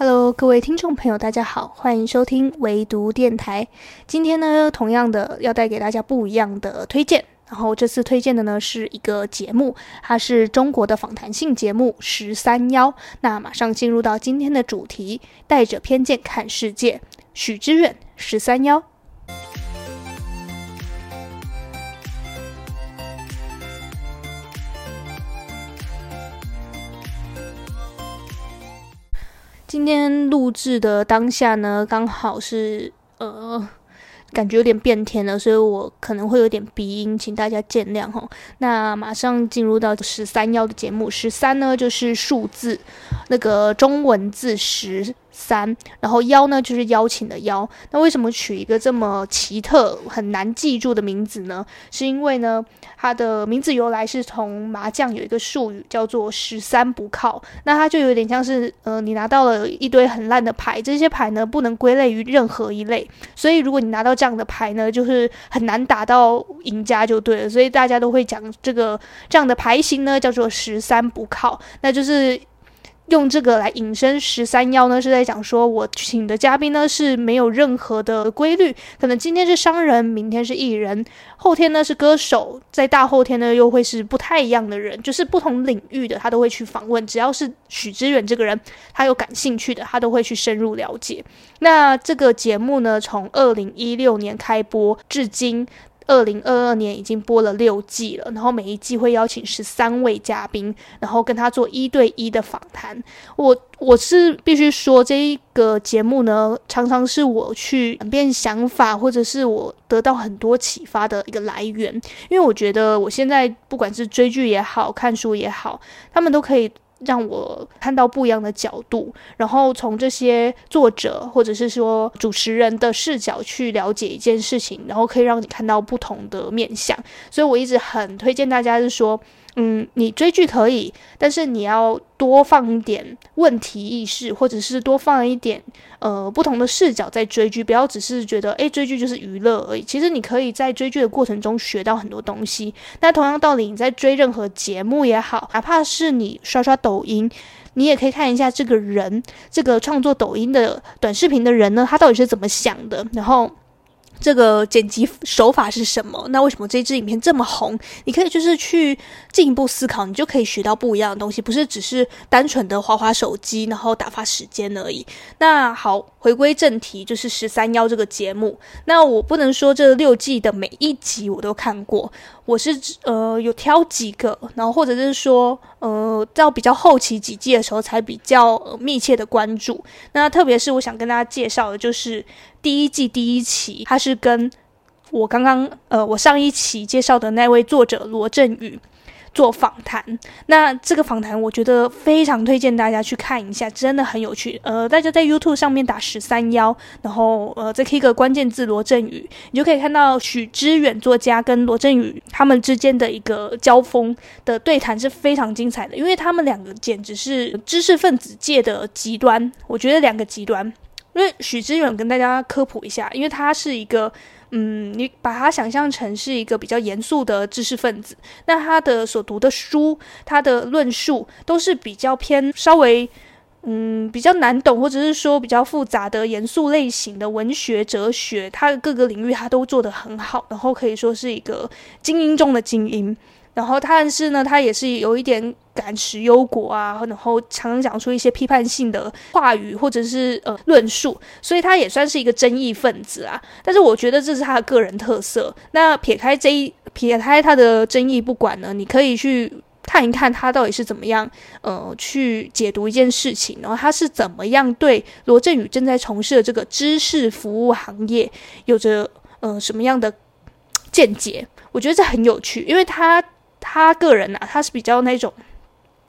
Hello，各位聽眾朋友，大家好，歡迎收聽唯讀電台。今天呢，同樣的要帶給大家不一樣的推薦。然後這次推薦的呢是一個節目，它是中國的訪談性節目《十三邀》。那馬上進入到今天的主題，帶着偏見看世界，許知遠，《十三邀》。今天錄制的當下呢，剛好是呃，感覺有點變天了，所以我可能會有點鼻音，請大家見諒吼，那馬上進入到十三邀的節目，十三呢就是數字，那個中文字十。三，然後邀呢就是邀請的邀。那為什麼取一個這麼奇特、很難記住的名字呢？是因為呢，它的名字由來是從麻將有一個術語叫做“十三不靠”。那它就有點像是，呃，你拿到了一堆很爛的牌，這些牌呢不能歸類於任何一類，所以如果你拿到這樣的牌呢，就是很難打到贏家就對了。所以大家都會講這個這樣的牌型呢叫做“十三不靠”，那就是。用這個來引申十三幺呢，是在講說，我請的嘉賓呢是沒有任何的規律，可能今天是商人，明天是藝人，後天呢是歌手，在大後天呢又會是不太一樣的人，就是不同領域的他都會去訪問，只要是許知遠這個人，他有感興趣的，他都會去深入了解。那這個節目呢，從二零一六年開播至今。二零二二年已經播了六季了，然後每一季會邀請十三位嘉賓，然後跟他做一對一的訪談。我我是必須說，這一個節目呢，常常是我去轉變想法，或者是我得到很多啟發的一個來源。因為我覺得，我現在不管是追劇也好，看書也好，他們都可以。讓我看到不一樣的角度，然後從這些作者或者是說主持人的視角去了解一件事情，然後可以讓你看到不同的面向。所以我一直很推薦大家，是說。嗯，你追劇可以，但是你要多放一點問題意識，或者是多放一點呃不同的視角在追劇，不要只是覺得誒，追劇就是娛樂而已。其實你可以在追劇的過程中學到很多東西。那同樣道理，你在追任何節目也好，哪怕是你刷刷抖音，你也可以看一下這個人，這個創作抖音的短視頻的人呢，他到底是怎麼想的，然後。這個剪輯手法是什麼？那為什麼這支影片這麼紅？你可以就是去進一步思考，你就可以學到不一樣的東西，不是只是單純的滑滑手機然後打發時間而已。那好，回歸正題，就是十三邀這個節目。那我不能說這六季的每一集我都看過。我是呃有挑幾個，然後或者是說呃到比較後期幾季的時候才比較，呃，密切的關注。那特別是我想跟大家介紹的，就是第一季第一期，它是跟我剛剛呃我上一期介紹的那位作者羅振宇。做訪談，那這個訪談我覺得非常推薦大家去看一下，真的很有趣。呃，大家在 YouTube 上面打十三邀，然後呃再 K、這個、一個關鍵字羅振宇，你就可以看到許知遠作家跟羅振宇他們之間的一個交鋒的對談是非常精彩的，因為他們兩個簡直是知識分子界的極端。我覺得兩個極端，因為許知遠跟大家科普一下，因為他是一個。嗯，你把他想象成是一個比較嚴肅的知識分子，那他的所讀的書，他的論述都是比較偏稍微，嗯，比較難懂，或者是說比較複雜的嚴肅類型的文學、哲學，他的各個領域他都做得很好，然後可以說是一個精英中的精英。然後，但是呢，他也是有一點感時憂國啊，然後常常講出一些批判性的話語或者是呃論述，所以他也算是一個爭議分子啊。但是我覺得這是他的個人特色。那撇開這一撇開他的爭議不管呢，你可以去看一看他到底是怎麼樣呃去解讀一件事情，然後他是怎麼樣對羅振宇正在從事的這個知識服務行業有着呃什麼樣的見解？我覺得這很有趣，因為他。他個人啊，他是比較那種，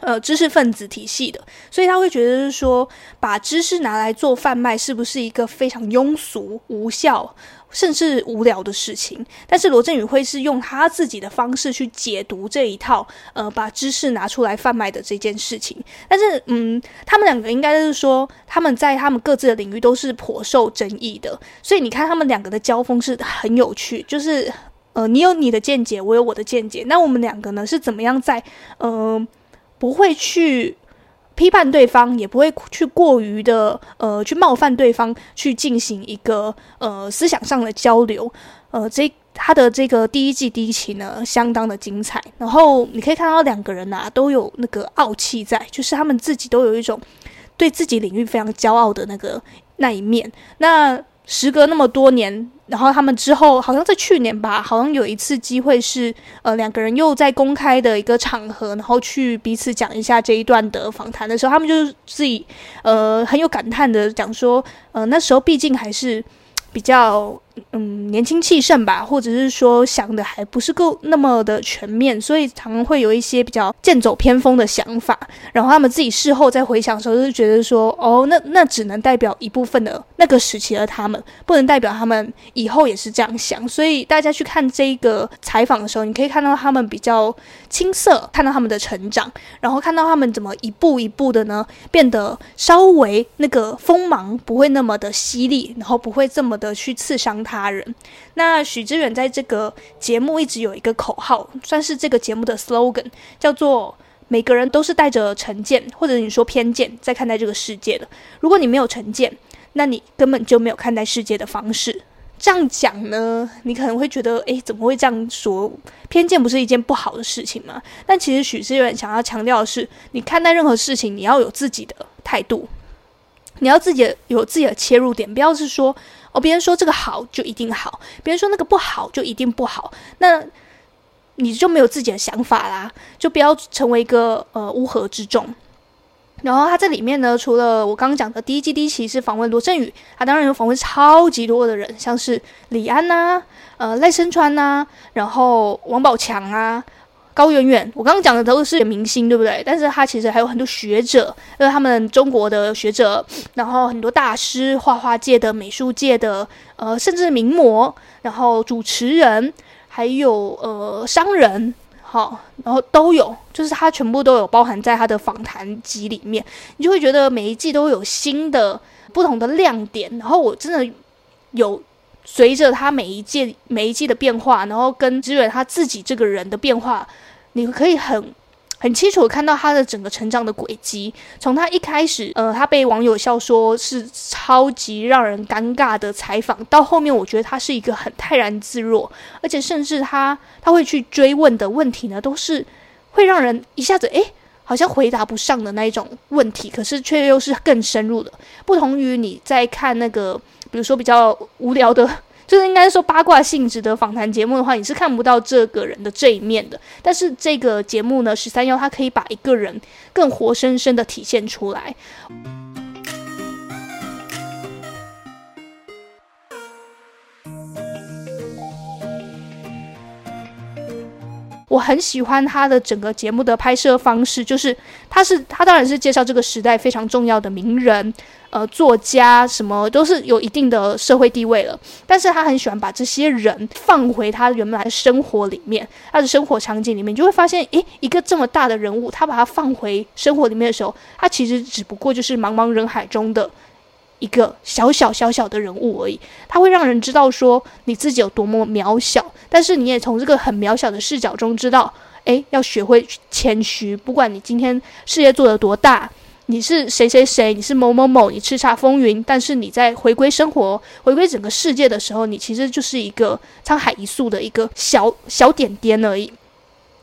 呃，知識分子體系的，所以他會覺得是說，把知識拿來做販賣，是不是一個非常庸俗、無效，甚至無聊的事情？但是羅振宇會是用他自己的方式去解讀這一套，呃，把知識拿出來販賣的這件事情。但是，嗯，他們兩個應該就是說，他們在他們各自的領域都是頗受爭議的，所以你看他們兩個的交鋒是很有趣，就是。呃，你有你的見解，我有我的見解。那我們兩個呢，是怎麼樣在呃不會去批判對方，也不會去過於的呃去冒犯對方，去進行一個呃思想上的交流？呃，這他的這個第一季第一期呢，相當的精彩。然後你可以看到兩個人啊，都有那個傲氣在，就是他們自己都有一種對自己領域非常驕傲的那個那一面。那時隔那麼多年，然後他們之後好像在去年吧，好像有一次機會是，呃，兩個人又在公開的一個場合，然後去彼此講一下這一段的訪談的時候，他們就自己，呃，很有感嘆的講說，呃，那時候畢竟還是比較。嗯，年輕氣盛吧，或者是說想的還不是夠那麼的全面，所以常常會有一些比較劍走偏鋒的想法。然後他們自己事後再回想的時候，就覺得說，哦，那那只能代表一部分的那個時期的他們，不能代表他們以後也是這樣想。所以大家去看這個採訪的時候，你可以看到他們比較青澀，看到他們的成長，然後看到他們怎麼一步一步的呢，變得稍微那個鋒芒不會那麼的犀利，然後不會這麼的去刺傷他他人，那許知遠在這個節目一直有一個口號，算是這個節目的 slogan，叫做“每個人都是帶着成見或者你說偏見在看待這個世界”的。如果你沒有成見，那你根本就沒有看待世界的方式。這樣講呢，你可能會覺得，哎、欸，怎麼會這樣說？偏見不是一件不好的事情嗎？但其實許知遠想要強調的是，你看待任何事情，你要有自己的態度，你要自己有自己的切入點，不要是說。哦，別人說這個好就一定好，別人說那個不好就一定不好，那你就沒有自己的想法啦，就不要成為一個呃烏合之眾。然後他這裡面呢，除了我剛剛講的第一季第一期是訪問羅振宇，他當然有訪問超級多的人，像是李安呐、啊、呃賴聲川吶、啊，然後王寶強啊。高圓圓，我剛剛講的都是明星，對不對？但是他其實還有很多學者，因為他們中國的學者，然後很多大師，畫畫界的、美術界的，呃，甚至名模，然後主持人，還有呃商人，好，然後都有，就是他全部都有包含在他的訪談集裡面，你就會覺得每一季都會有新的、不同的亮點。然後我真的有隨着他每一屆、每一季的變化，然後跟知遠他自己這個人的變化。你可以很很清楚看到他的整個成長的軌跡，從他一開始，呃，他被網友笑說是超級讓人尷尬的採訪，到後面，我覺得他是一個很泰然自若，而且甚至他他會去追問的問題呢，都是會讓人一下子哎，好像回答不上的那一種問題，可是卻又是更深入的，不同於你在看那個，比如說比較無聊的。就是應該是說八卦性質的訪談節目的話，你是看不到這個人的這一面的。但是這個節目呢，十三邀它可以把一個人更活生生的體現出來。我很喜歡他的整個節目的拍攝方式，就是他是他當然是介紹這個時代非常重要的名人，呃，作家什麼都是有一定的社會地位了，但是他很喜歡把這些人放回他原來的生活裡面，他的生活場景裡面，你就會發現，誒，一個這麼大的人物，他把他放回生活裡面的時候，他其實只不過就是茫茫人海中的。一個小小小小的人物而已，他會讓人知道說你自己有多麼渺小，但是你也從這個很渺小的視角中知道，誒，要學會謙虛。不管你今天事業做得多大，你是誰誰誰，你是某某某，你叱咤風雲，但是你在回歸生活、回歸整個世界的時候，你其實就是一個滄海一粟的一個小小點點而已。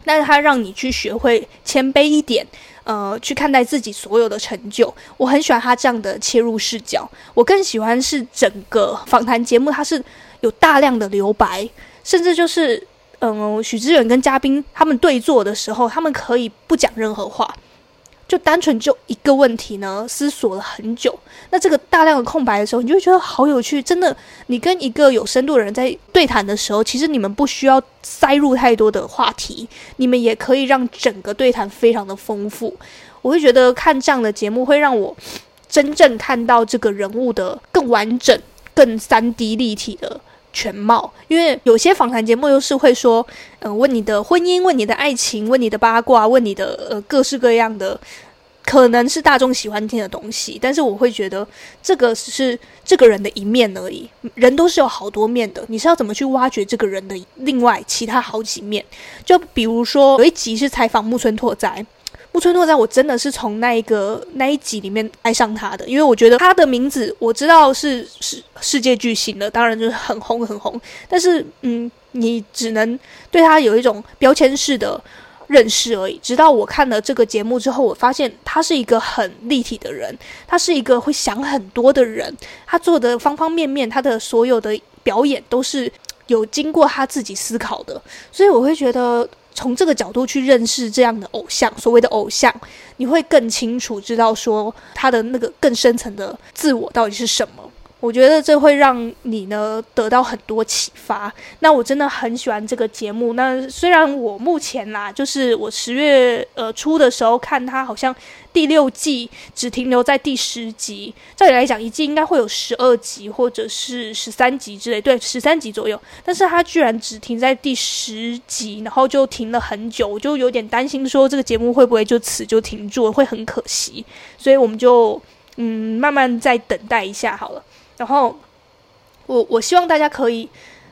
但是他讓你去學會謙卑一點。呃，去看待自己所有的成就，我很喜歡他這樣的切入視角。我更喜歡是整個訪談節目，它是有大量的留白，甚至就是，嗯、呃，許知遠跟嘉賓他們對坐的時候，他們可以不講任何話。就單純就一個問題呢，思索了很久。那這個大量的空白的時候，你就會覺得好有趣。真的，你跟一個有深度的人在對談的時候，其實你們不需要塞入太多的話題，你們也可以讓整個對談非常的豐富。我會覺得看這樣的節目會讓我真正看到這個人物的更完整、更三 D 立體的。全貌，因為有些訪談節目又是會說，嗯、呃，問你的婚姻，問你的愛情，問你的八卦，問你的呃各式各樣的，可能是大眾喜歡聽的東西。但是我會覺得，這個只是這個人的一面而已。人都是有好多面的，你是要怎麼去挖掘這個人的另外其他好幾面？就比如說有一集是採訪木村拓哉。木村拓哉，我真的是從那一個那一集裡面愛上他的，因為我覺得他的名字我知道是是世界巨星的，當然就是很紅很紅，但是嗯，你只能對他有一種標籤式的認識而已。直到我看了這個節目之後，我發現他是一個很立體的人，他是一個會想很多的人，他做的方方面面，他的所有的表演都是有經過他自己思考的，所以我會覺得。從這個角度去認識這樣的偶像，所謂的偶像，你會更清楚知道說他的那個更深層的自我到底是什麼。我覺得這會讓你呢得到很多啟發。那我真的很喜歡這個節目。那雖然我目前啦，就是我十月呃初的時候看它，好像第六季只停留在第十集。照理來講，一季應該會有十二集或者是十三集之類，對，十三集左右。但是它居然只停在第十集，然後就停了很久，我就有點擔心說這個節目會不會就此就停住了，會很可惜。所以我們就嗯慢慢再等待一下好了。然後，我我希望大家可以，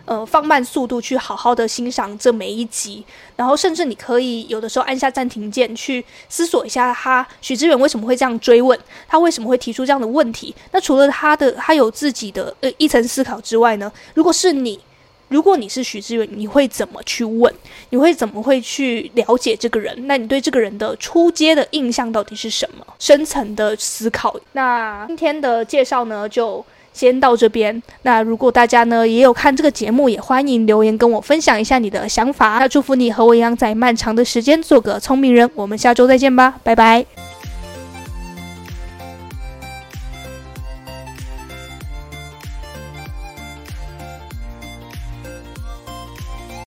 呃，放慢速度去好好的欣賞這每一集。然後，甚至你可以有的時候按下暫停鍵去思索一下他，他許知遠為什麼會這樣追問？他為什麼會提出這樣的問題？那除了他的他有自己的呃一層思考之外呢？如果是你，如果你是許知遠，你會怎麼去問？你會怎麼會去了解這個人？那你對這個人的初階的印象到底是什麼？深層的思考。那今天的介紹呢，就。先到這邊。那如果大家呢也有看這個節目，也歡迎留言跟我分享一下你的想法。那祝福你和我一樣，在漫長的時間做個聰明人。我們下周再見吧，拜拜。